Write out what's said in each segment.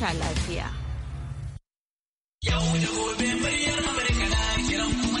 huta lafiya. Yau da gobe muryar Amurka na kiran kuma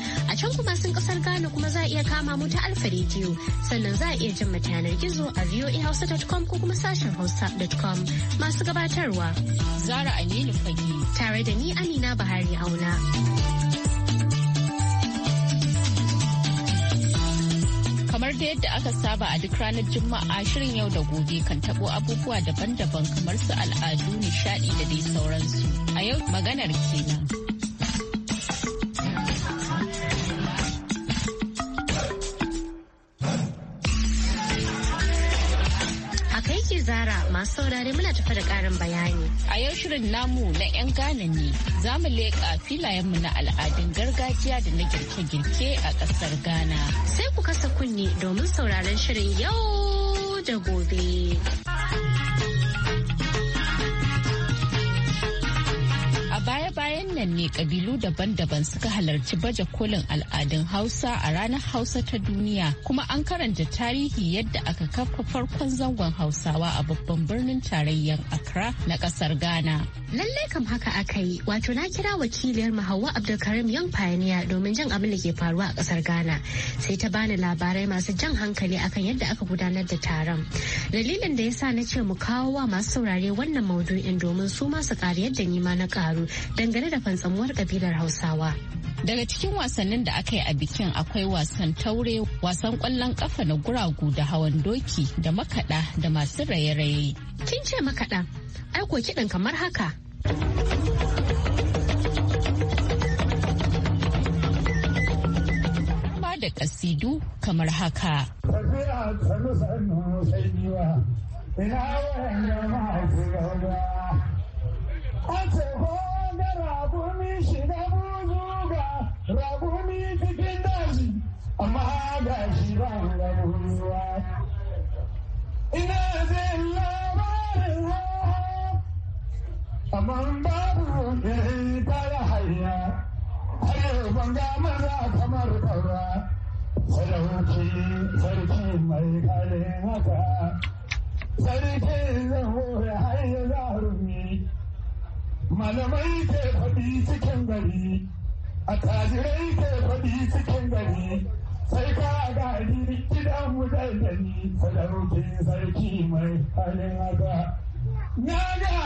A can kuma sun kasar Ghana kuma za a iya kama mu ta Alfa Radio sannan za a iya jin yanar gizo a voahausa.com ko kuma sashen hausa.com masu gabatarwa. Zara Aminu Fage. Tare da ni Amina Bahari Auna. kamar da yadda aka saba a duk ranar juma'a shirin yau da gobe kan tabo abubuwa daban-daban kamar su al'adu nishadi da dai sauransu a yau maganar kenan. masu saurare muna tafa da karin bayani. A yau shirin namu na 'yan Ghana ne za mu leƙa filayenmu na al'adun gargajiya da na girke-girke a ƙasar Ghana. Sai ku kasa kunni domin sauraron shirin yau da gobe. nan ne kabilu daban-daban suka halarci baje kolin al'adun Hausa a ranar Hausa ta duniya kuma an karanta tarihi yadda aka kafa farkon zangon Hausawa a babban birnin tarayyar Accra na kasar Ghana. Lallai kam haka aka yi wato na kira wakiliyar Hauwa Abdulkarim yan Pioneer domin jan abin da ke faruwa a kasar Ghana sai ta bani labarai masu jan hankali akan yadda aka gudanar da taron. Dalilin da yasa na ce mu kawo wa masu saurare wannan maudu'in domin su ma su kari yadda ni ma na karu dangane da kan kabilar Hausawa. Daga cikin wasannin da aka yi a bikin akwai wasan taure, wasan kwallon kafa na guragu da hawan doki da makada da masu raye-raye. Kin ce makada, aiko kiɗan kamar haka. da kasidu kamar haka. Ina ga shi shiga buzu ga ragumi cikin daji amma ga shi ba ga buzuwa ina zai labarin hawa amma babu ne ta da hanya hanyar ga maza kamar kaura sadauki sarki mai kalin haka sarki zan hore har ya zarumi malamai ke faɗi cikin gari a tajirai ke faɗi cikin gari sai ka gari gidan mu dandani sadaukin sarki mai halin haka na ga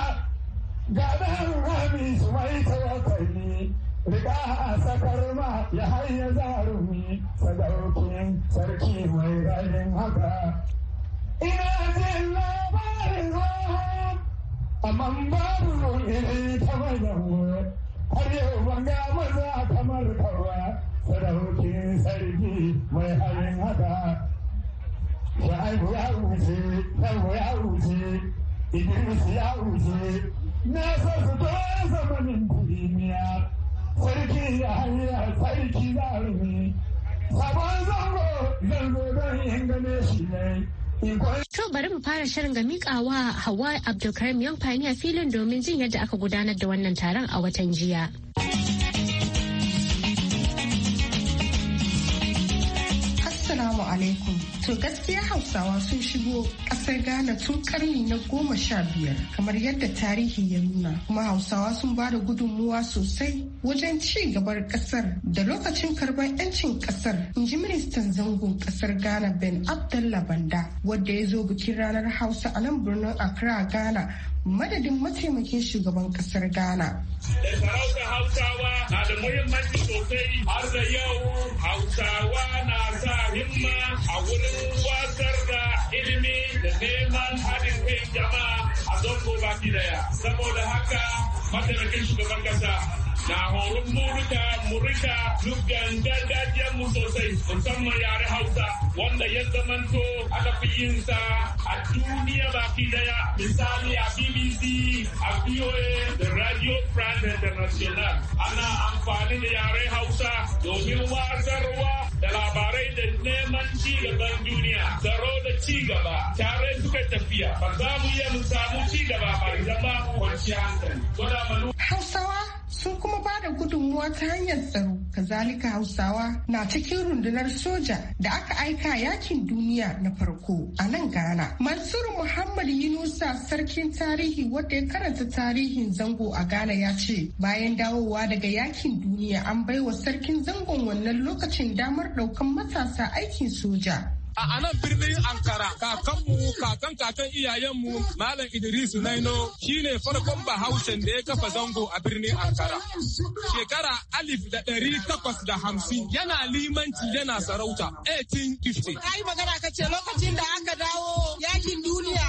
gaɗan rami su mai tawakali riga a sakar ma ya hanyar zarumi sadaukin sarki mai halin haka ina jin labarin amma babu ruwan yau arewa ga maza kamar kawa sadaukin sarki mai halin haka shaibu ya wuce kanmu ya wuce idris ya wuce na sa su to zamanin duniya sarki ya hanyar sarki zarumi sabon zango zango don yin gane shi ne To bari mu fara shirin ga mikawa Hawa Abdulkarim Young a filin domin jin yadda aka gudanar da wannan taron a watan jiya. alaikum. To gaskiya Hausawa sun shigo kasar Ghana tun karni na goma sha biyar kamar yadda tarihi ya nuna. Kuma Hausawa sun ba da gudunmuwa sosai wajen ci gabar ƙasar da lokacin karban 'yancin kasar In ji ministan zangon kasar Ghana Ben Abdullah Banda wadda ya zo bikin ranar Hausa a nan birnin Accra Ghana madadin mataimakin shugaban kasar Ghana. Hausawa na da muhimmanci sosai har da yau Hausawa na sa himma a wurin wasar da ilimi da neman haɗin kai jama'a a zonko baki daya saboda haka mataimakin shugaban kasa na horon murika murika dukkan gargajiyar mu sosai musamman yare hausa wanda ya zamanto aka fi sa a duniya baki daya misali a bbc a voa da radio france international ana amfani da yare hausa domin wazarwa da labarai da neman ci gaban duniya tsaro da ci gaba tare suka tafiya ba za mu iya mu samu ci gaba ba idan ba hankali. Hausawa sun kuma kuma ba da gudunmuwa ta hanyar tsaro kazalika hausawa na cikin rundunar soja da aka aika yakin duniya na farko a nan ghana mansur muhammad yunusa sarkin tarihi wanda ya karanta tarihin zango a ghana ya ce bayan dawowa daga yakin duniya an baiwa sarkin zangon wannan lokacin damar daukan matasa aikin soja a anan birnin Ankara kakanmu kakan kakan iyayenmu Malam Idris Naino shine farkon bahaushen da ya kafa zango a birnin Ankara. Shekara alif da ɗari takwas da hamsin yana limanci yana sarauta 1850. Kai magana ka ce lokacin da aka dawo yakin duniya.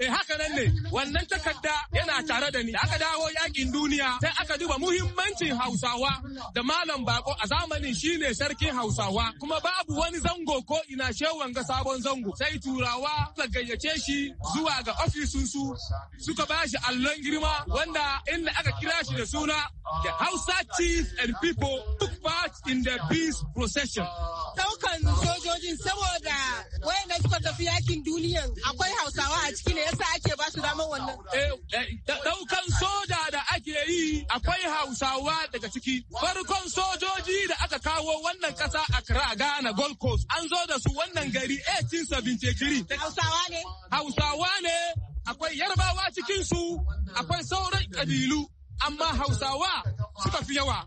Eh haka nan ne wannan takarda yana tare da ni da aka dawo yakin duniya sai aka duba muhimmancin Hausawa da Malam Bako a zamanin shine sarkin Hausawa kuma babu wani zango ko ina shehu ga sabon zango sai turawa suka gayyace shi zuwa ga ofisinsu suka ba shi allon girma wanda inda aka kira shi da suna the Hausa chief and people took part in the peace procession. Daukan sojojin saboda wayanda suka tafi yakin duniyan akwai Hausawa a ciki ne yasa ake ba su damar wannan. Eh, eh, daukan soja ake yi akwai hausawa daga ciki farkon sojoji da aka kawo wannan kasa a kira Ghana Gold Coast an zo da su wannan gari 1873 hausawa ne hausawa ne akwai yarbawa cikinsu, akwai sauran kabilu amma hausawa suka fi yawa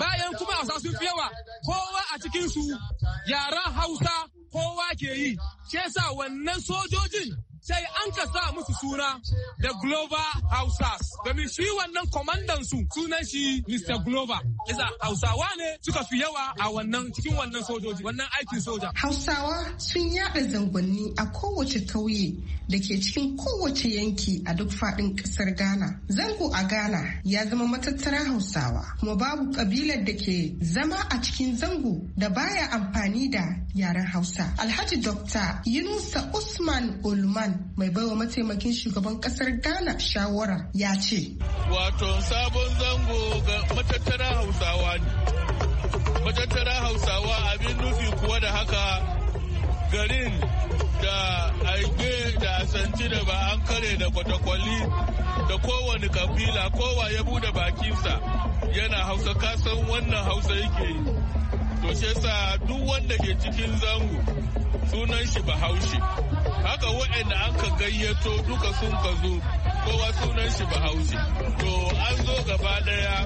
bayan kuma hausa sun fi yawa kowa a cikinsu, su hausa kowa ke yi shi sa wannan sojojin sai an ka sa musu suna da Glover Hausas. Domin shi wannan komandan su sunan shi Mr. Glover. Isa Hausawa ne suka fi yawa a wannan cikin wannan sojoji wannan aikin soja. Hausawa sun yaɗa zangonni a kowace kauye da ke cikin kowace yanki a duk faɗin ƙasar Ghana. Zango a Ghana ya zama matattara Hausawa kuma babu ƙabilar da ke zama a cikin zango da baya amfani da yaren Hausa. Alhaji Dokta Yunusa Usman Ulman mai baiwa mataimakin shugaban kasar Ghana shawara ya ce. Wato sabon zango ga matattara Hausawa ne. Matattara Hausawa abin nufi kuwa da haka garin da aige da asanci da ba an kare da kwatakwali da kowane kabila kowa ya bude bakinsa yana hausa kasan wannan hausa yake yi. to shi yasa duk wanda ke cikin zango sunan shi bahaushe haka waɗanda an ka gayyato duka sun ka zo kowa sunan shi bahaushe to an zo gaba daya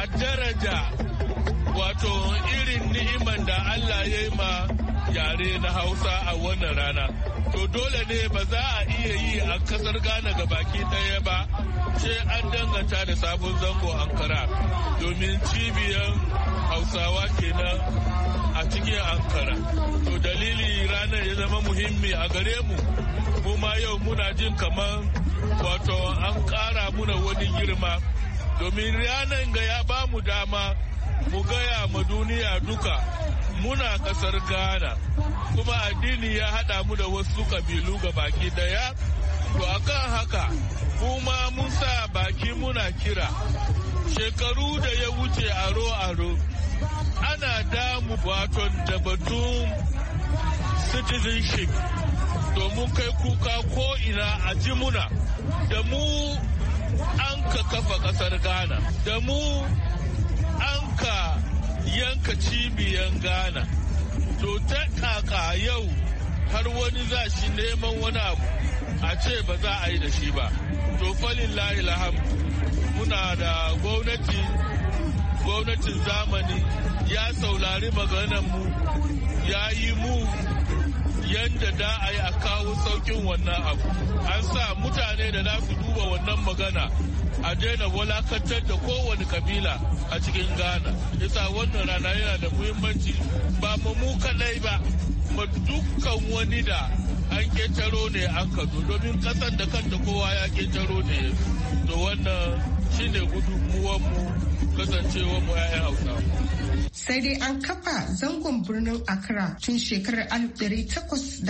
a daraja wato irin ni'iman da allah ya yi ma yare na hausa a wannan rana to dole ne ba za a iya yi a kasar ghana ga baki ɗaya ba sai an danganta da sabon zango ankara domin cibiyar hausawa kenan a cikin ankara to dalili ranar ya zama muhimmi a gare mu kuma yau muna jin kamar wato an ƙara muna wani girma domin ranar ga ya ba mu dama mu gaya ma duniya duka muna kasar ghana kuma addini ya haɗa mu da wasu kabilu ga baki daya to akan haka kuma mun sa baki muna kira shekaru da ya wuce aro-aro ana damu Baton da batun citizenship domin kai kuka ko'ina a ji muna da mu an ka kafa kasar ghana da mu an ka yanka cibiyan ghana to ta kaka yau har wani za shi neman wani abu a ce ba za a yi da shi ba to falin laham muna da gwamnati gwamnatin zamani ya saurari mu ya yi mu yadda da a yi a kawo saukin wannan abu an sa mutane da za su duba wannan magana a daina wulakantar da kowane kabila a cikin ghana isa wannan rana yana da muhimmanci ba mu mu kadai ba ma dukkan wani da an ketaro ne an kado domin kasan da kanta kowa ya ketaro ne to wannan shine gudunmuwanmu kasancewa mu 'ya'yan hausa sai dai an kafa zangon birnin Accra tun shekarar 1845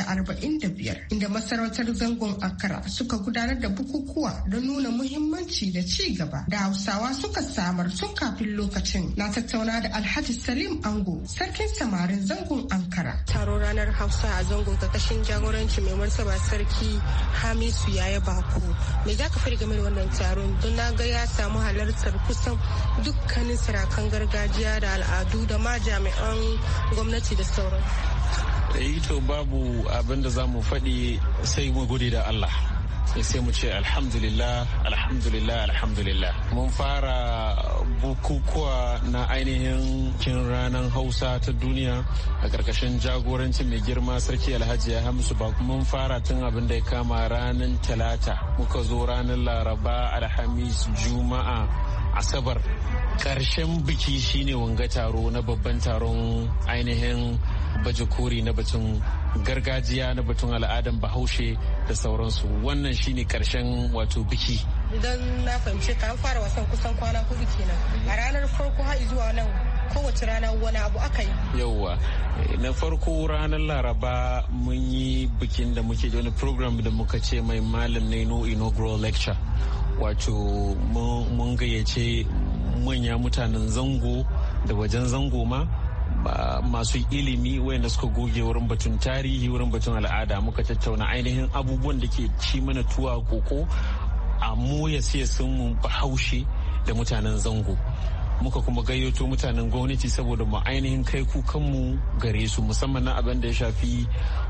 inda masarautar zangon Accra suka gudanar da bukukuwa don nuna muhimmanci da ci gaba da Hausawa suka samar tun kafin lokacin. Na tattauna da Alhaji Salim Ango, sarkin samarin zangon Ankara. Taro ranar Hausa a zangon kakashin jagoranci mai martaba sarki Hamisu ya yi Bako. Me za ka fi game da wannan taron don na ga ya samu halartar kusan dukkanin sarakan gargajiya da al'adu da ma jami'an gwamnati da sauran. Eh, to babu abin da za mu faɗi sai mu gode da Allah. sai mu ce alhamdulillah alhamdulillah alhamdulillah mun fara bukukuwa na ainihin kin ranar hausa ta duniya a ƙarƙashin jagoranci mai girma sarki alhaji ya hamsu ba mun fara tun abin da ya kama ranar talata muka zo ranar laraba alhamis juma'a asabar ƙarshen biki shine wanga taro na babban taron ainihin baje kori na batun gargajiya na batun al'adan bahaushe da sauransu wannan shine karshen wato biki idan na fahimci ka an fara wasan kusan kwana hudu kenan a ranar farko har zuwa nan kowace rana wani abu aka yi yauwa na farko ranar laraba mun yi bikin da muke wani program da muka ce mai malam na ino inaugural lecture wato mun gayyace manya mutanen zango da wajen zango ma masu ilimi wayanda suka goge wurin batun tarihi wurin batun al'ada muka tattauna ainihin abubuwan da ke ci mana tuwa koko a mu ya siya sun mu bahaushe da mutanen zango muka kuma gayyato mutanen gwamnati saboda mu ainihin kai kukanmu gare su musamman na abin da ya shafi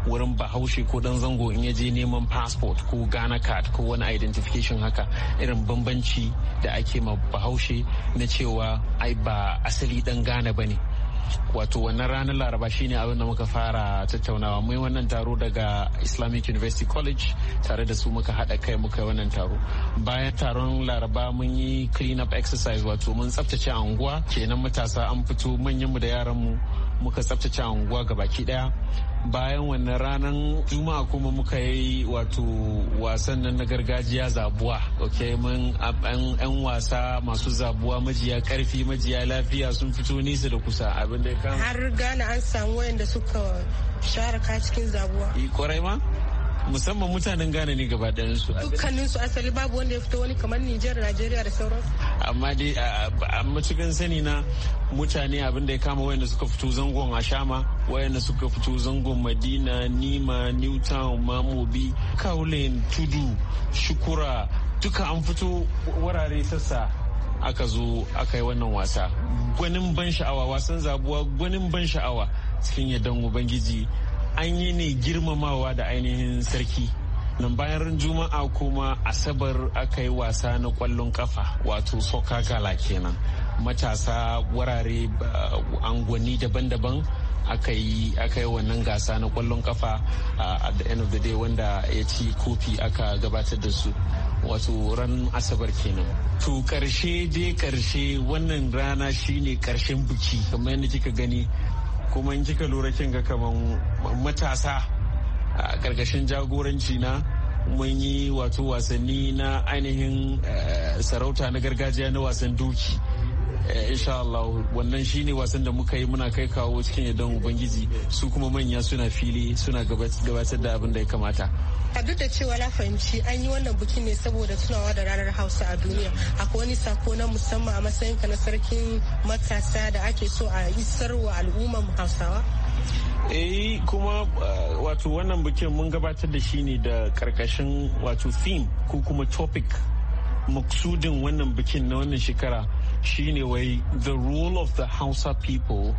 wurin bahaushe ko dan zango in ya je neman passport ko ghana card ko wani identification haka irin bambanci da ake ma bahaushe na cewa ai ba asali dan ghana ba ne wato wannan ranar laraba shine abin da muka fara tattaunawa mai wannan taro daga islamic university college tare da su muka haɗa kai muka yi wannan taro bayan taron laraba mun yi clean up exercise wato mun tsaftace anguwa kenan matasa an fito manyanmu da yaranmu muka tsaftace anguwa gabaki daya bayan wannan ranar juma'a kuma muka yi wato wasan nan na gargajiya zabuwa ok mun yan wasa masu zabuwa majiya karfi majiya lafiya sun fito nisa da kusa abin da ya kama har gane an samu wayanda suka share sharaka cikin zabuwa eh, ma musamman mutanen Ghana ne gaba ɗayan su. Dukkanin su asali babu wanda ya fito wani kamar Nijar, Najeriya da sauransu. Amma dai a matukan sani na mutane abin da ya kama wayanda suka fito zangon a shama wayanda suka fito zangon Madina, Nima, Newtown, Mamobi, Kaulin, Tudu, Shukura, duka an fito wurare sassa aka zo aka yi wannan wasa. Gwanin ban sha'awa wasan zabuwa gwanin ban sha'awa cikin yadda Ubangiji an yi ne girmamawa da ainihin sarki nan bayan juma'a kuma asabar aka yi wasa na kwallon kafa wato soka gala kenan matasa wurare uh, angwani daban-daban aka yi wannan gasa na kwallon kafa uh, at the end of the day wanda ya ci kofi aka gabatar da su wato ran asabar kenan to karshe dai karshe wannan rana shine karshen buki kamar yadda kika gani kuma in kika lura kin ga kaman matasa a karkashin jagoranci na mun yi wato wasanni na ainihin eh, sarauta na gargajiya na wasan duki Eh, insha Allah wannan shine wasan da muka yi muna kai kawo cikin yardan ubangiji su kuma manya suna fili suna gabatar da abin da ya kamata a duk da cewa na fahimci an yi wannan bikin ne saboda tunawa da ranar hausa a duniya akwai wani sako na musamman a matsayin ka na sarkin matasa da ake so a isarwa al'ummar hausawa eh kuma eh, wato wannan bikin mun gabatar da shi ne da karkashin wato theme ko kuma topic maksudin wannan bikin na wannan shekara shine wai the role of the Hausa people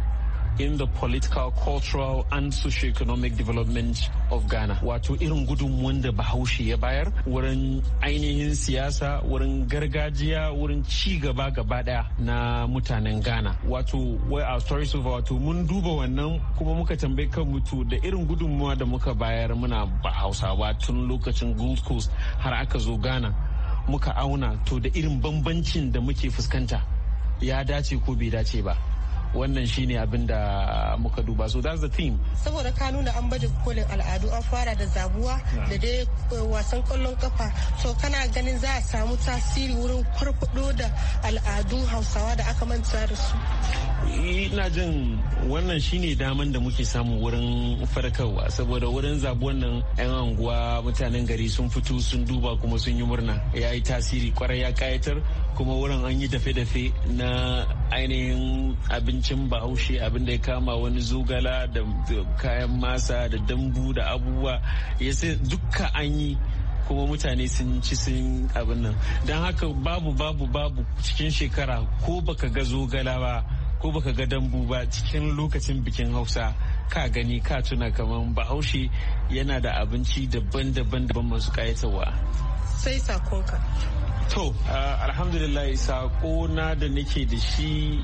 in the political, cultural and socio-economic development of Ghana. Wato irin gudunmuwan da Bahaushe ya bayar wurin ainihin siyasa, wurin gargajiya, wurin ci gaba gaba daya na mutanen Ghana. Wato wai our stories of wato mun duba wannan kuma muka tambayi kan mutu da irin gudunmuwa da muka bayar muna Bahausa ba tun lokacin Gold Coast har aka zo Ghana. Muka auna to da irin bambancin da muke fuskanta. ya dace ko bai dace ba wannan shine abin da muka duba so that's the theme saboda ka nuna an baje kolin al'adu an fara da zabuwa da dai eh, wasan kwallon kafa to kana ganin za a samu tasiri wurin farfado da al'adun hausawa da aka manta da su ina jin wannan shine daman da muke samu wurin farkarwa saboda wurin zabuwan nan yan anguwa mutanen gari sun fito sun duba kuma sun yi murna ya yi tasiri kwarai ya kayatar kuma wurin an yi dafe-dafe na ainihin abincin bahaushe abin da ya kama wani zogala da kayan masa da dambu da abubuwa ya sai dukka an yi kuma mutane sun ci sun abin nan don haka babu babu babu cikin shekara ko baka ga zogala ba ko baka ga dambu ba cikin lokacin bikin hausa ka gani ka tuna kamar bahaushe yana da abinci daban-daban daban masu kayatarwa sai sakonka to uh, alhamdulillah sako na da nake da shi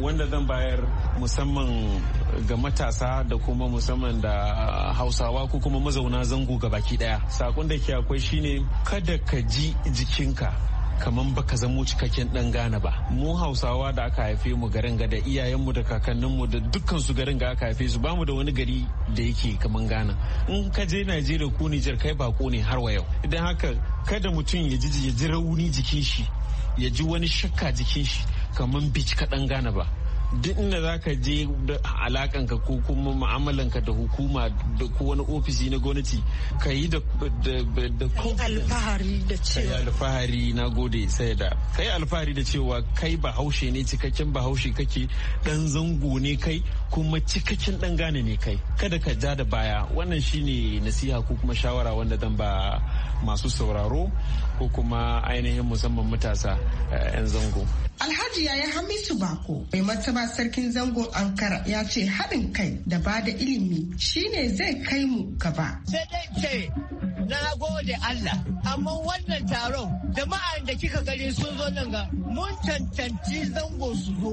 wanda zan bayar musamman ga matasa da kuma musamman da uh, hausawa ko kuma mazauna zango ga baki daya sakon da ke akwai shine kada ka ji jikinka kaman baka zamo cikakken dan Ghana ba mu Hausawa da aka haife mu garin ga da iyayenmu da kakanninmu da dukkan su garin ga aka haife su bamu da wani gari da yake kaman Ghana in ka je Najeriya ko Nijar kai bako ne har wa yau idan haka kada mutum ya ji ya ji rauni jikin shi ya ji wani shakka jikin shi kaman bici kaɗan Ghana ba duk inda za ka je alakanka ko kuma ma'amalanka da hukuma da ko wani ofisi na gwamnati ka yi da alfahari da cewa alfahari na gode sai da kai alfahari da cewa kai bahaushe ne cikakken bahaushe kake dan zango ne kai kuma cikakken dan gane ne kai kada ka ja da baya wannan shine nasiha ko kuma shawara wanda zan ba masu sauraro ko kuma ainihin musamman matasa eh, 'yan zango. Alhaji yaya Hamisu Bako mai martaba sarkin zango Ankara ya ce haɗin kai da ba da ilimi shine zai kai mu gaba. Sai dai ce na gode Allah amma wannan taron jama'a da kika gani sun zo nan ga mun cancanci zango su zo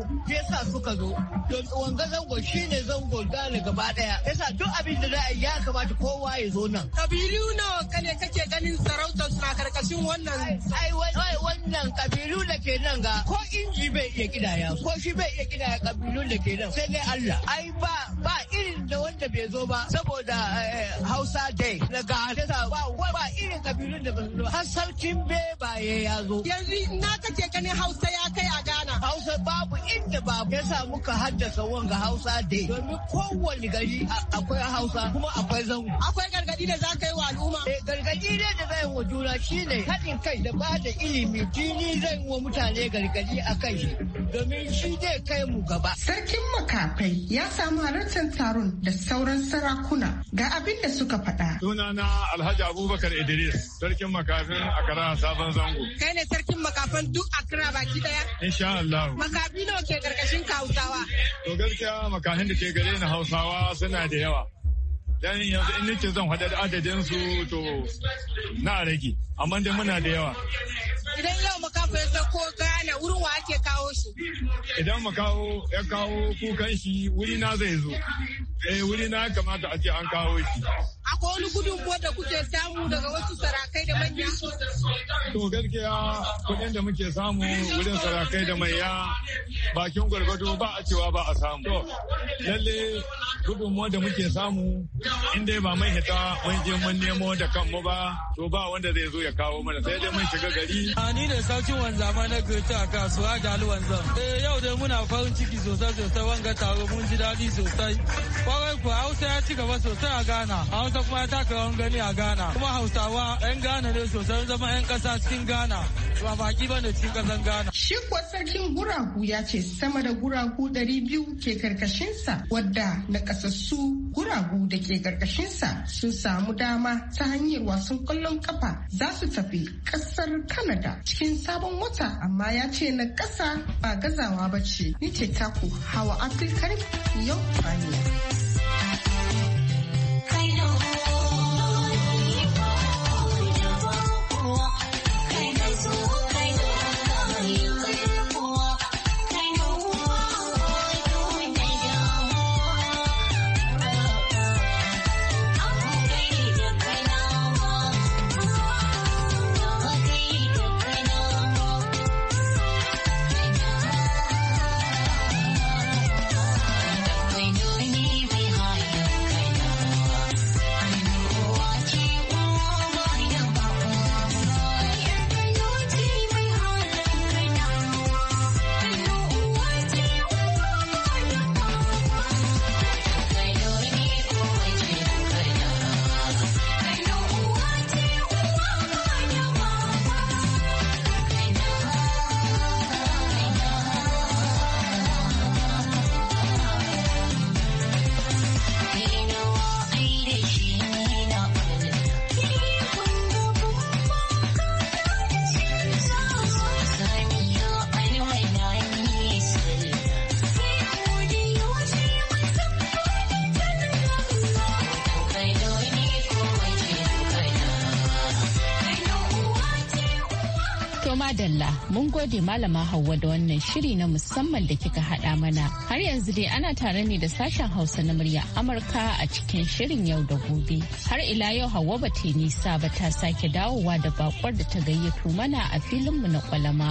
sa suka zo don wanga zango shine zango gane gaba daya yasa duk abin da za a ya kamata kowa ya zo nan. Kabilu nawa kane kake ganin sarautar suna karkashin wannan wannan kabilu da ke nan ga ko inji bai iya kidaya ko shi bai iya kidaya kabilu da ke nan sai dai Allah ai ba ba irin da wanda bai zo ba saboda eh, Hausa dai daga Hausa ba ba irin kabilun da bai zo har sarkin ba ya zo yanzu na kake ganin Hausa ya kai a Ghana Hausa babu inda babu yasa muka haddasa wanga Hausa dai. domin kowanne gari akwai Hausa kuma akwai zango akwai gargadi da za ka yi wa al'umma eh, gargadi ne da zai wa juna shine haɗin kai da ba da ilimi jini zai wa mutane gargadi a kai domin shi zai kai mu gaba. Sarkin makafai ya samu halartar taron da sauran sarakuna ga abin da suka faɗa. Sunana Alhaji Abubakar Idris, sarkin makafin Akara Sabon Zango. Kai ne sarkin makafin duk a kira baki daya? Insha Allah. Makafi nawa ke karkashin Hausawa? To gaskiya makafin da ke gare ni Hausawa suna da yawa. dan yanzu in nake zan hada adadin su to na rage amma dai muna da yawa idan yau makaho ya sako gane wurin wa ake kawo shi idan kawo ya kawo kukan shi wuri na zai zo eh wuri na kamata a ce an kawo shi akwai wani gudunmuwa da kuke samu daga wasu sarakai da manya to gaskiya kuɗin da muke samu wurin sarakai da manya bakin gwargwado ba a cewa ba a samu lalle mo da muke samu in dai ba mai hita mun je mun nemo da kanmu ba to ba wanda zai zo ya kawo mana sai dai mun shiga gari a ni saucin sarkin wanzama na gaci a kasuwa da alwanzan eh yau dai muna farin ciki sosai sosai wanga taro mun ji daɗi sosai Kwarai kuwa Hausa ya ci gaba sosai a Ghana. Hausa kuma ya taka yawan gani a Ghana. Kuma Hausawa 'yan Ghana ne sosai zama 'yan kasa cikin Ghana. Ba baki ba da cikin kasan Ghana. Shi kuwa sarkin guragu ya ce sama da guragu ɗari biyu ke karkashinsa wadda na kasassu guragu da ke karkashinsa sun samu dama ta hanyar wasan kwallon kafa za su tafi ƙasar kanada cikin sabon wata amma ya ce na kasa ba gazawa ba ce. Ni ce taku Hawa afirka yau ne. madalla mun gode malama hauwa da wannan shiri na musamman da kika haɗa mana. Har yanzu dai ana tare ne da sashen Hausa na murya Amurka a cikin shirin yau da gobe. Har ila yau hauwa ba ta nisa ba ta sake dawowa da bakwar da ta gayyato mana a filinmu na kwalama.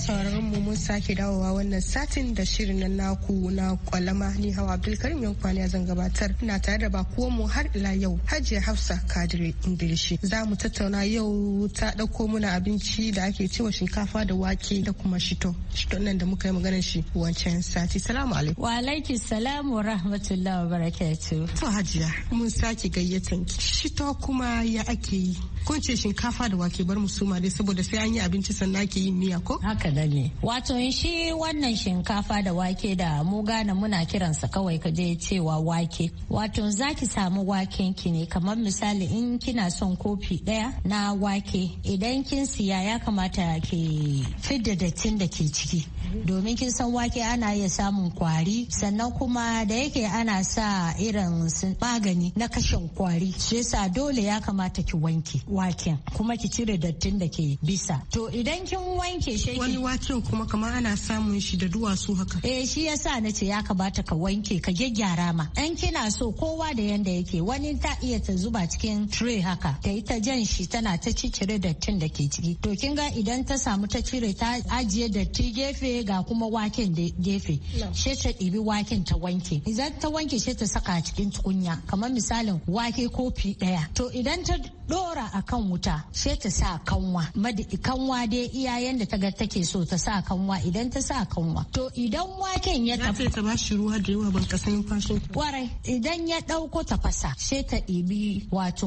sauraron sake dawowa wannan satin da shirin na naku na kwalama ni hawa Abdulkarim kwaliya zan gabatar na tare da ba mu har ila yau Hajiya Hafsa Kadiri Ingilishi za mu tattauna yau ta dauko muna abinci da ake cewa shinkafa da wake da kuma shito shito nan da muka yi maganar shi wancan sati salamu alaikum wa alaiki salamu wa rahmatullahi wa barakatuh to Hajiya mun sake gayyatan ki shito kuma ya ake yi ko ce shinkafa da wake bar musuma dai saboda sai an yi abinci sannan ake yin miya ko haka ne wato shi wannan shinkafa da wake da mu gane muna kiransa kawai ka je cewa wake wato zaki samu waken ki ne kamar misali in kina son kofi daya na wake idan kin siya ya kamata ki fidda dattin da ke ciki domin kin san wake ana iya samun kwari sannan kuma da yake ana sa irin magani na kashin kwari shi yasa dole ya kamata ki wanke waken kuma ki cire dattin da ke bisa to idan kin wanke shi wani waken kuma kamar ana samun shi da duwatsu haka eh shi yasa na ce ya kamata ka wanke ka gyaggyara ma dan kina so kowa da yanda yake wani ta iya ta zuba cikin tray haka ta yi ta jan shi tana ta cire dattin da ke ciki to kin ga idan ta samu ta cire ta ajiye datti gefe ga kuma waken da gefe she ta ɗibi waken ta wanke idan ta wanke she ta saka cikin tukunya kamar misalin wake kofi ɗaya to idan ta dora a kan wuta she ta sa kanwa madi kanwa dai iyayen da ta ga take so ta sa kanwa idan ta sa kanwa to idan waken ya tafi ta ba shi ruwa da yawa ban kasan fashin warai idan ya dauko fasa. she ta ɗibi wato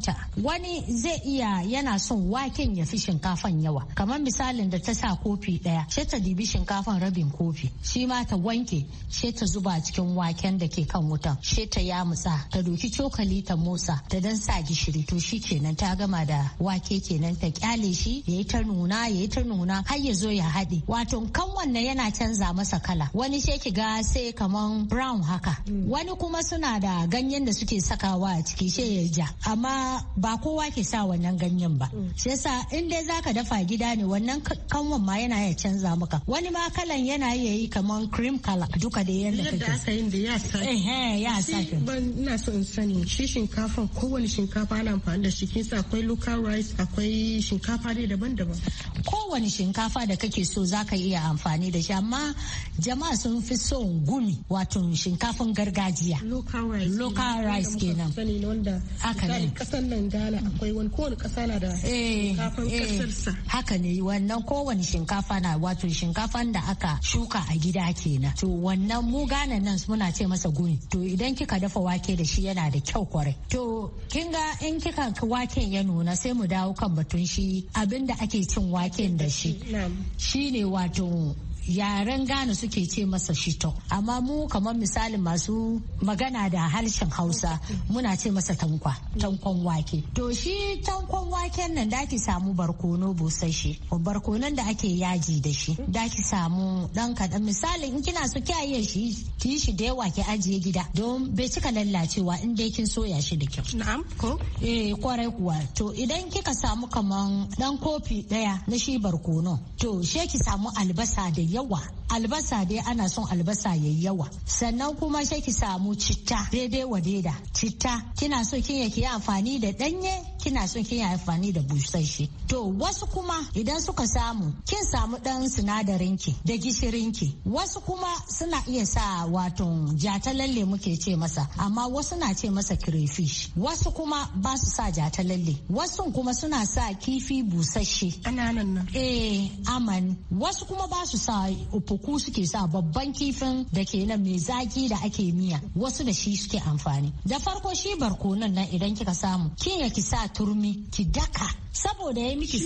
ta. wani zai iya yana son waken ya fi shinkafan yawa kamar misalin da ta sa kofi daya sai ta dibi shinkafan rabin kofi shi ma ta wanke sai ta zuba cikin waken da ke kan wutan sai ta yamutsa ta doki cokali ta motsa ta dan sa gishiri to shi kenan ta gama da wake kenan ta kyale shi ya yi ta nuna ya yi ta nuna har ya zo ya haɗe wato kan wannan yana canza masa kala wani sai ki ga sai kaman brown haka hmm. wani kuma suna da ganyen da suke sakawa a ciki sai ya ja amma ba kowa ke sa wannan ganyen ba hmm. sai sa in dai zaka dafa gida ne wannan kanwan ma yana ya canza canza maka wani ma kalan yana iya yi kamar cream color duka da yanda kake yadda aka yin da ya sa eh ya sa ban ina so in sani shi shinkafa kowane shinkafa ana amfani da shi kinsa akwai local rice akwai shinkafa dai daban-daban kowane shinkafa da kake so zaka iya amfani da shi amma jama'a sun fi son gumi wato shinkafin gargajiya local rice kenan haka ne kasan nan Ghana akwai wani kowane kasa na da eh, shinkafin eh, kasarsa haka ne wannan kowane shinkafa na wato shinkafan da aka shuka a gida kenan to wannan mu gane nan muna ce masa guni to idan kika dafa wake da shi yana da kyau kwarai to kin ga in kika waken ya nuna sai mu dawo kan batun shi abin da ake cin waken da shi shine wato yaren Ghana suke ce masa shito amma mu kamar misali masu magana da harshen Hausa muna ce masa tankwa tankon wake to shi tankon waken nan da ki samu barkono busasshe barkonon da ake yaji da shi da ki samu dan kaɗan misali in kina so kiyaye shi ki shi da yawa ki ajiye gida don bai cika lallacewa in dai kin soya shi da kyau na'am ko eh kwarai kuwa to idan kika samu kaman dan kofi daya na shi barkono to she ki samu albasa da 夜晚。albasa dai ana son albasa yayi yawa sannan kuma sai ki samu citta daidai wa daida citta kina so kin yi amfani da danye kina son kin yi amfani da busasshe to wasu kuma idan suka samu kin samu dan sinadarin ki da gishirin ki wasu kuma suna iya sa wato jatalalle muke ce masa amma wasu na ce masa crayfish wasu kuma ba su sa jatalalle wasu kuma suna sa kifi busasshe Ana nan eh aman wasu kuma ba su sa upu ko suke sa babban kifin da ke nan mai zaki da ake miya wasu da shi suke amfani da farko shi barkonon nan idan kika samu kin ya ki sa turmi ki daka saboda yayi miki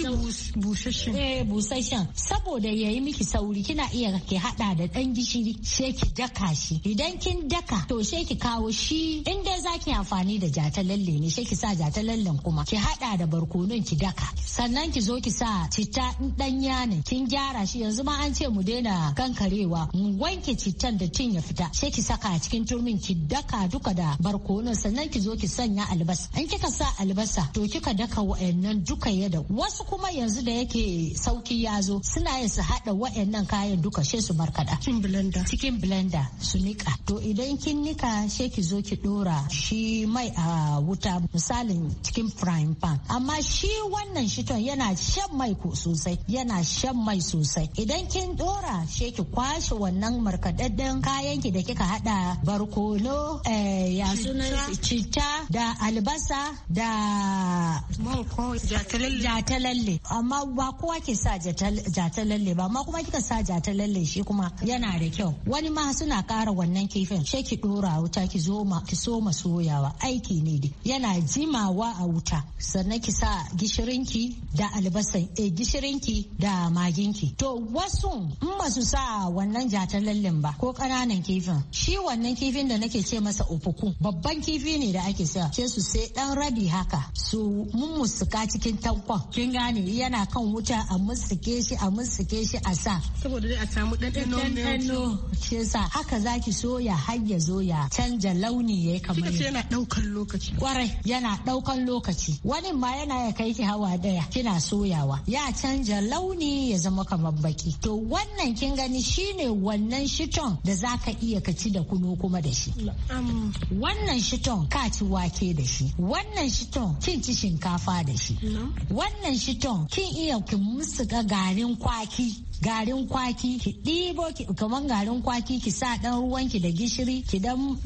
busasshen eh saboda yayi miki sauri kina iya ki hada da dan gishiri sai ki daka shi idan kin daka to sai ki kawo shi in dai zaki amfani da jata lalle ne sai ki sa jatalallen kuma ki hada da barkonon ki daka sannan ki zo ki sa citta dan yana kin gyara shi yanzu ma an ce mu daina kankarewa mu wanke cittan da tin ya fita sai ki saka a cikin turmin ki daka duka da barkono sannan ki zo ki sanya albasa in kika sa albasa to kika daka wa'annan duka ya da wasu kuma yanzu da yake sauki ya zo suna yin su hada wa'annan kayan duka she su markada cikin blender cikin blender su nika to idan kin nika she ki zo ki dora shi mai a wuta misalin cikin frying pan amma shi wannan shiton yana shan mai sosai yana shan mai sosai idan kin dora she ki kwashe wannan markaɗaɗɗen kayan ki da kika hada barkono eh, ya sunan citta da albasa da jatalalle amma ba kowa ke sa jatalalle ba amma kuma kika sa jatalalle shi kuma yana da kyau wani ma suna kara wannan kifin sai ki dora wuta ki zo ma ki so ma soyawa aiki ne dai yana jimawa a wuta sannan ki sa gishirinki da albasan eh gishirinki da maginki to wasu in ba su sa wannan jatalallen ba ko ƙananan kifin shi wannan kifin da nake ce masa ufuku babban kifi ne da ake sa ce su sai dan rabi haka su mun musuka cikin tankon kin gane yana kan wuta a musuke shi a musuke shi a sa saboda dai a samu ɗanɗano shi sa. haka zaki soya har ya zo ya canja launi yayi kamar yana ɗaukan lokaci kwarai yana ɗaukan lokaci wani ma yana ya kai ki hawa daya kina soyawa ya canja launi ya zama kamar baki to wannan kin gani shine wannan shiton da zaka iya ka ci da kuno kuma da shi wannan shiton ka ci wake da shi wannan shiton kin ci shinkafa da shi. Wannan shiton kin iya ki musu garin kwaki garin kwaki ki ɗibo kamar garin kwaki ki sa ɗan ruwanki da gishiri ki dan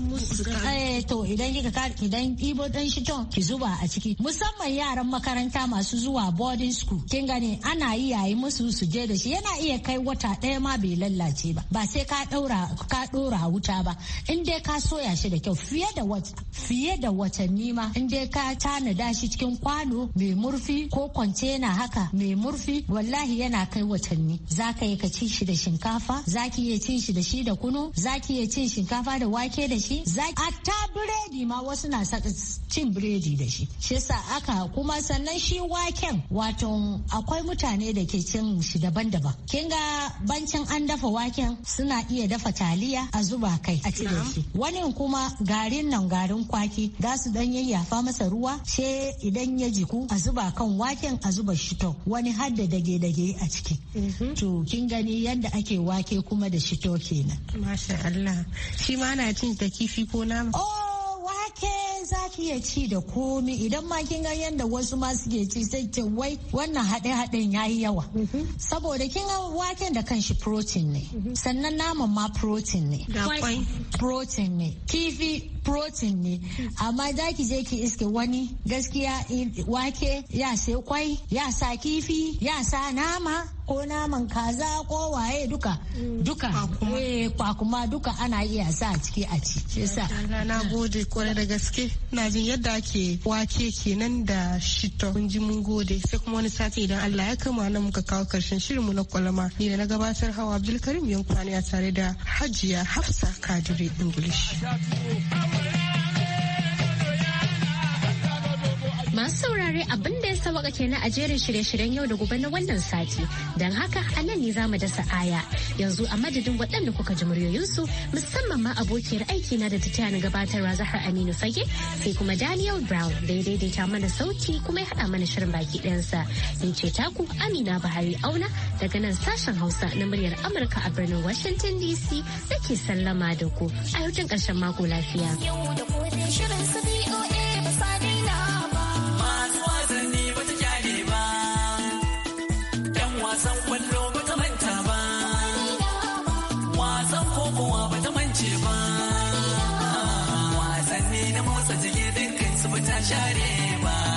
eh, to idan kika idan ɗibo ɗan shi ton ki zuba a ciki musamman yaran makaranta masu zuwa boarding school kin gani ana yi yayi musu su je da shi yana iya kai wata ɗaya ma bai lallace ba ba sai ka ɗaura ka ɗora wuta ba in dai ka soya shi da kyau fiye da wata fiye da watanni ma in dai ka tanada shi cikin kwano mai murfi ko kwantena haka mai murfi wallahi yana kai watanni za ka yi ka ci shi da shinkafa za ki iya cin shi da shi da kunu za ki iya cin shinkafa da wake da shi za a ta biredi ma wasu na cin biredi da shi shi yasa aka kuma sannan shi waken wato akwai mutane da ke cin shi daban-daban kin ga bancin an dafa waken suna iya dafa taliya a zuba kai a cire shi wani kuma garin nan garin kwaki za su dan yayyafa masa ruwa she idan ya jiku a zuba kan waken a zuba shi to wani har da dage-dage a ciki mhm. to kin gani yadda ake wake kuma da shito kenan masha Allah shi ma ana cin da kifi ko nama oh wake za ki iya ci da komi idan ma kin ga yadda wasu ma suke ci sai ce wai wannan haɗe haɗen yi yawa mhm. saboda kin ga waken da kanshi protein ne mhm. sannan naman ma protein ne Da kwai. protein ne kifi protein ne amma za ki je ki iske wani gaskiya eh, wake ya sai kwai ya sa kifi ya sa nama ko naman kaza ko waye duka mm. duka eh, kwakuma duka ana iya sa a ciki a ci shi sa na gode kwarai da gaske na jin yadda ake wake kenan da shito mun ji mun gode sai kuma wani sati idan Allah ya kama nan muka kawo karshen shirin mu na kwalama ni da na gabatar hawa Abdulkarim Yankwani a tare da Hajiya Hafsa Kadiri English. Masu saurare abin da ya sauka kenan a jerin shirye-shiryen yau da gobe na wannan sati. Don haka a nan ne za mu dasa aya. Yanzu a madadin waɗanda kuka ji muryoyinsu musamman ma abokiyar aiki na da ta taya na gabatarwa Zahar Aminu Fage sai kuma Daniel Brown da ya daidaita mana sauti kuma ya haɗa mana shirin baki ɗayansa. Ni ce taku Amina Bahari Auna daga nan sashen Hausa na muryar Amurka a birnin Washington DC da ke sallama da ku. A tun ƙarshen mako lafiya. Yau da shirin su